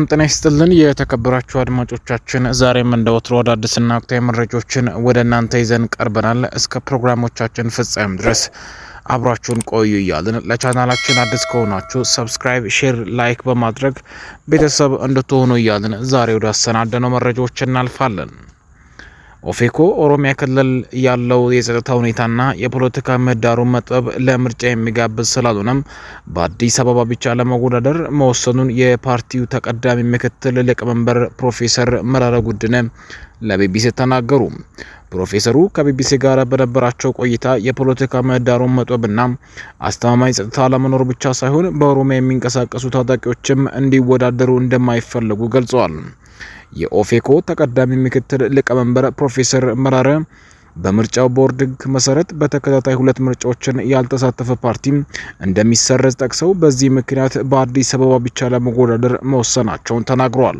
ም ጤና ይስጥልን የተከበራችሁ አድማጮቻችን፣ ዛሬም እንደ ወትሮ አዳዲስና ወቅታዊ መረጃዎችን ወደ እናንተ ይዘን ቀርበናል። እስከ ፕሮግራሞቻችን ፍጻሜም ድረስ አብራችሁን ቆዩ እያልን ለቻናላችን አዲስ ከሆናችሁ ሰብስክራይብ፣ ሼር፣ ላይክ በማድረግ ቤተሰብ እንድትሆኑ እያልን ዛሬ ወደ አሰናደነው መረጃዎች እናልፋለን። ኦፌኮ ኦሮሚያ ክልል ያለው የጸጥታ ሁኔታና የፖለቲካ ምህዳሩ መጥበብ ለምርጫ የሚጋብዝ ስላልሆነም በአዲስ አበባ ብቻ ለመወዳደር መወሰኑን የፓርቲው ተቀዳሚ ምክትል ሊቀመንበር ፕሮፌሰር መራረ ጉድነ ለቢቢሲ ተናገሩ። ፕሮፌሰሩ ከቢቢሲ ጋር በነበራቸው ቆይታ የፖለቲካ ምህዳሩን መጥበብና አስተማማኝ ጸጥታ ለመኖር ብቻ ሳይሆን በኦሮሚያ የሚንቀሳቀሱ ታጣቂዎችም እንዲወዳደሩ እንደማይፈልጉ ገልጸዋል። የኦፌኮ ተቀዳሚ ምክትል ሊቀመንበር ፕሮፌሰር መራረ በምርጫው ቦርድ ሕግ መሰረት በተከታታይ ሁለት ምርጫዎችን ያልተሳተፈ ፓርቲ እንደሚሰረዝ ጠቅሰው በዚህ ምክንያት በአዲስ አበባ ብቻ ለመወዳደር መወሰናቸውን ተናግረዋል።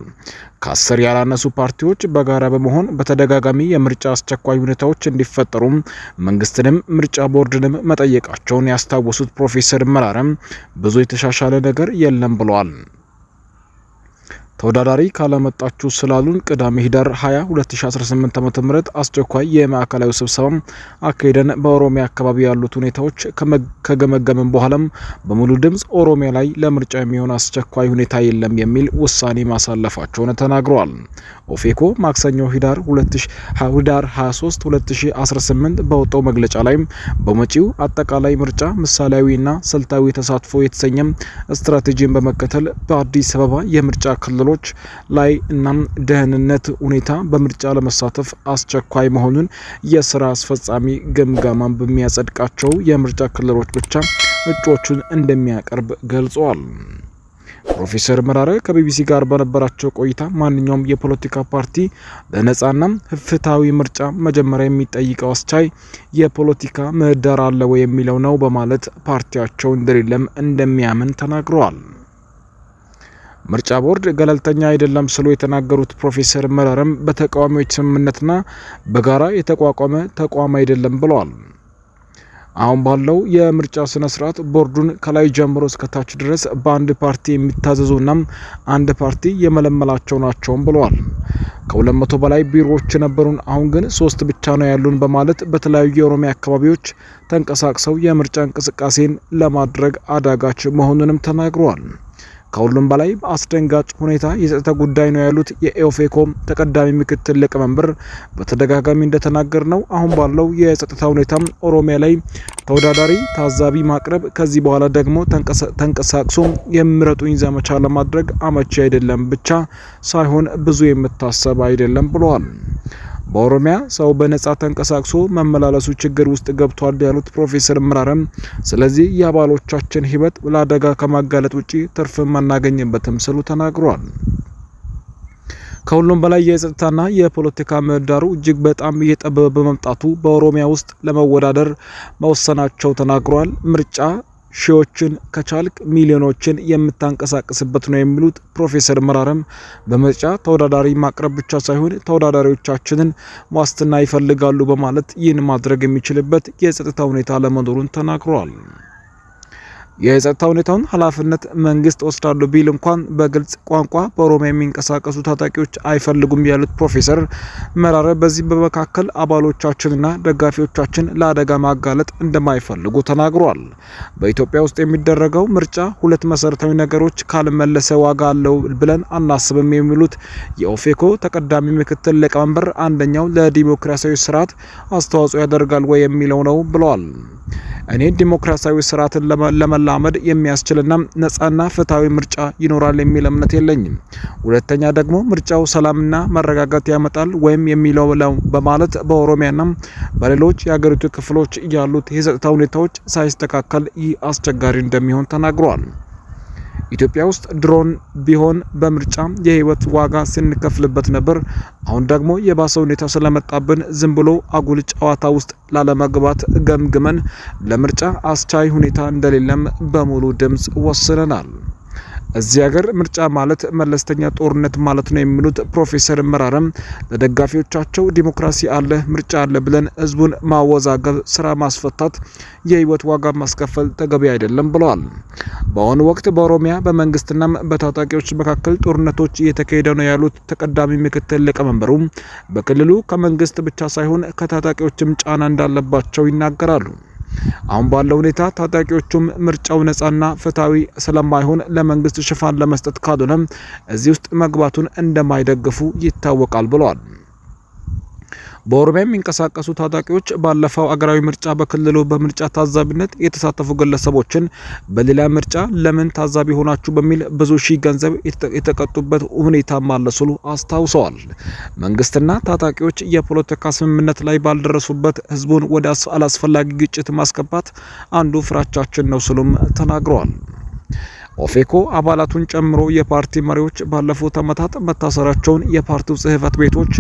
ከአስር ያላነሱ ፓርቲዎች በጋራ በመሆን በተደጋጋሚ የምርጫ አስቸኳይ ሁኔታዎች እንዲፈጠሩ መንግስትንም ምርጫ ቦርድንም መጠየቃቸውን ያስታወሱት ፕሮፌሰር መራረም ብዙ የተሻሻለ ነገር የለም ብለዋል። ተወዳዳሪ ካለመጣችሁ ስላሉን ቅዳሜ ህዳር 20 2018 ዓ ም አስቸኳይ የማዕከላዊ ስብሰባ አካሄደን በኦሮሚያ አካባቢ ያሉት ሁኔታዎች ከገመገምን በኋላም በሙሉ ድምፅ ኦሮሚያ ላይ ለምርጫ የሚሆን አስቸኳይ ሁኔታ የለም የሚል ውሳኔ ማሳለፋቸውን ተናግረዋል። ኦፌኮ ማክሰኞ ህዳር 23 2018 በወጣው መግለጫ ላይ በመጪው አጠቃላይ ምርጫ ምሳሌያዊና ስልታዊ ተሳትፎ የተሰኘ ስትራቴጂን በመከተል በአዲስ አበባ የምርጫ ክልሎ ሆስፒታሎች ላይ እናም ደህንነት ሁኔታ በምርጫ ለመሳተፍ አስቸኳይ መሆኑን የስራ አስፈጻሚ ግምገማን በሚያጸድቃቸው የምርጫ ክልሎች ብቻ እጩዎቹን እንደሚያቀርብ ገልጸዋል። ፕሮፌሰር መራረ ከቢቢሲ ጋር በነበራቸው ቆይታ ማንኛውም የፖለቲካ ፓርቲ ለነጻና ህፍታዊ ምርጫ መጀመሪያ የሚጠይቀው አስቻይ የፖለቲካ ምህዳር አለ የሚለው ነው በማለት ፓርቲያቸው እንደሌለም እንደሚያምን ተናግረዋል። ምርጫ ቦርድ ገለልተኛ አይደለም ስሉ የተናገሩት ፕሮፌሰር መረርም በተቃዋሚዎች ስምምነትና በጋራ የተቋቋመ ተቋም አይደለም ብለዋል። አሁን ባለው የምርጫ ስነ ስርዓት ቦርዱን ከላይ ጀምሮ እስከታች ድረስ በአንድ ፓርቲ የሚታዘዙና አንድ ፓርቲ የመለመላቸው ናቸውም ብለዋል። ከሁለት መቶ በላይ ቢሮዎች የነበሩን አሁን ግን ሶስት ብቻ ነው ያሉን በማለት በተለያዩ የኦሮሚያ አካባቢዎች ተንቀሳቅሰው የምርጫ እንቅስቃሴን ለማድረግ አዳጋች መሆኑንም ተናግረዋል። ከሁሉም በላይ በአስደንጋጭ ሁኔታ የጸጥታ ጉዳይ ነው ያሉት የኢኦፌኮም ተቀዳሚ ምክትል ሊቀመንበር በተደጋጋሚ እንደተናገር ነው አሁን ባለው የጸጥታ ሁኔታ ኦሮሚያ ላይ ተወዳዳሪ ታዛቢ ማቅረብ፣ ከዚህ በኋላ ደግሞ ተንቀሳቅሶ የምረጡኝ ዘመቻ ለማድረግ አመቺ አይደለም ብቻ ሳይሆን ብዙ የምታሰብ አይደለም ብለዋል። በኦሮሚያ ሰው በነጻ ተንቀሳቅሶ መመላለሱ ችግር ውስጥ ገብቷል ያሉት ፕሮፌሰር ምራረም ስለዚህ የአባሎቻችን ህይወት ለአደጋ ከማጋለጥ ውጪ ትርፍም አናገኝበትም ስሉ ተናግሯል። ከሁሉም በላይ የጸጥታና የፖለቲካ ምህዳሩ እጅግ በጣም እየጠበበ በመምጣቱ በኦሮሚያ ውስጥ ለመወዳደር መወሰናቸው ተናግሯል። ምርጫ ሺዎችን ከቻልክ ሚሊዮኖችን የምታንቀሳቅስበት ነው የሚሉት ፕሮፌሰር መራረም በምርጫ ተወዳዳሪ ማቅረብ ብቻ ሳይሆን ተወዳዳሪዎቻችንን ዋስትና ይፈልጋሉ በማለት ይህን ማድረግ የሚችልበት የጸጥታ ሁኔታ ለመኖሩን ተናግረዋል። የጸጥታ ሁኔታውን ኃላፊነት መንግስት ወስዳሉ ቢል እንኳን በግልጽ ቋንቋ በኦሮሚያ የሚንቀሳቀሱ ታጣቂዎች አይፈልጉም ያሉት ፕሮፌሰር መራረ በዚህ በመካከል አባሎቻችንና ደጋፊዎቻችን ለአደጋ ማጋለጥ እንደማይፈልጉ ተናግሯል። በኢትዮጵያ ውስጥ የሚደረገው ምርጫ ሁለት መሰረታዊ ነገሮች ካልመለሰ ዋጋ አለው ብለን አናስብም የሚሉት የኦፌኮ ተቀዳሚ ምክትል ሊቀመንበር አንደኛው ለዲሞክራሲያዊ ስርዓት አስተዋጽኦ ያደርጋል ወይ የሚለው ነው ብለዋል። እኔ ዲሞክራሲያዊ ስርዓትን ለመላመድ የሚያስችልና ነጻና ፍትሐዊ ምርጫ ይኖራል የሚል እምነት የለኝም። ሁለተኛ ደግሞ ምርጫው ሰላምና መረጋጋት ያመጣል ወይም የሚለው በማለት በኦሮሚያና በሌሎች የሀገሪቱ ክፍሎች ያሉት የጸጥታ ሁኔታዎች ሳይስተካከል ይህ አስቸጋሪ እንደሚሆን ተናግረዋል። ኢትዮጵያ ውስጥ ድሮን ቢሆን በምርጫ የህይወት ዋጋ ስንከፍልበት ነበር። አሁን ደግሞ የባሰ ሁኔታ ስለመጣብን ዝም ብሎ አጉል ጨዋታ ውስጥ ላለመግባት ገምግመን ለምርጫ አስቻይ ሁኔታ እንደሌለም በሙሉ ድምፅ ወስነናል። እዚህ ሀገር ምርጫ ማለት መለስተኛ ጦርነት ማለት ነው የሚሉት ፕሮፌሰር መራረም ለደጋፊዎቻቸው ዲሞክራሲ አለ ምርጫ አለ ብለን ህዝቡን ማወዛገብ፣ ስራ ማስፈታት፣ የህይወት ዋጋ ማስከፈል ተገቢ አይደለም ብለዋል። በአሁኑ ወቅት በኦሮሚያ በመንግስትና በታጣቂዎች መካከል ጦርነቶች እየተካሄደ ነው ያሉት ተቀዳሚ ምክትል ሊቀመንበሩ በክልሉ ከመንግስት ብቻ ሳይሆን ከታጣቂዎችም ጫና እንዳለባቸው ይናገራሉ። አሁን ባለው ሁኔታ ታጣቂዎቹም ምርጫው ነጻና ፍትሐዊ ስለማይሆን ለመንግስት ሽፋን ለመስጠት ካልሆነም እዚህ ውስጥ መግባቱን እንደማይደግፉ ይታወቃል ብለዋል። በኦሮሚያ የሚንቀሳቀሱ ታጣቂዎች ባለፈው አገራዊ ምርጫ በክልሉ በምርጫ ታዛቢነት የተሳተፉ ግለሰቦችን በሌላ ምርጫ ለምን ታዛቢ ሆናችሁ በሚል ብዙ ሺህ ገንዘብ የተቀጡበት ሁኔታ አለ ሲሉ አስታውሰዋል። መንግስትና ታጣቂዎች የፖለቲካ ስምምነት ላይ ባልደረሱበት ህዝቡን ወደ አላስፈላጊ ግጭት ማስገባት አንዱ ፍራቻችን ነው ሲሉም ተናግረዋል። ኦፌኮ አባላቱን ጨምሮ የፓርቲ መሪዎች ባለፉት ዓመታት መታሰራቸውን፣ የፓርቲው ጽህፈት ቤቶች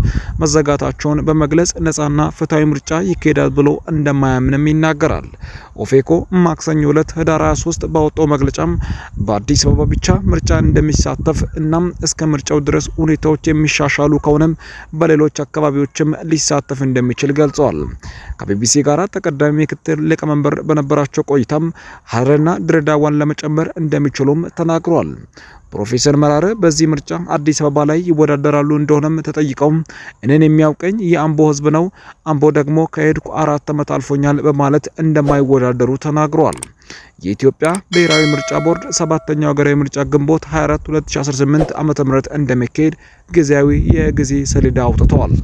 መዘጋታቸውን በመግለጽ ነጻና ፍትሐዊ ምርጫ ይካሄዳል ብሎ እንደማያምንም ይናገራል። ኦፌኮ ማክሰኞ ዕለት ህዳር 23 ባወጣው መግለጫም በአዲስ አበባ ብቻ ምርጫ እንደሚሳተፍ እናም እስከ ምርጫው ድረስ ሁኔታዎች የሚሻሻሉ ከሆነም በሌሎች አካባቢዎችም ሊሳተፍ እንደሚችል ገልጸዋል። ከቢቢሲ ጋር ተቀዳሚ ምክትል ሊቀመንበር በነበራቸው ቆይታም ሀረርና ድሬዳዋን ለመጨመር እንደሚችሉ እንደሚቀበሉም ተናግሯል። ፕሮፌሰር መራረ በዚህ ምርጫ አዲስ አበባ ላይ ይወዳደራሉ እንደሆነም ተጠይቀው እኔን የሚያውቀኝ የአምቦ ህዝብ ነው፣ አምቦ ደግሞ ከሄድኩ አራት ዓመት አልፎኛል በማለት እንደማይወዳደሩ ተናግሯል። የኢትዮጵያ ብሔራዊ ምርጫ ቦርድ ሰባተኛው ሀገራዊ ምርጫ ግንቦት 24 2018 ዓ.ም እንደሚካሄድ ጊዜያዊ የጊዜ ሰሌዳ አውጥተዋል።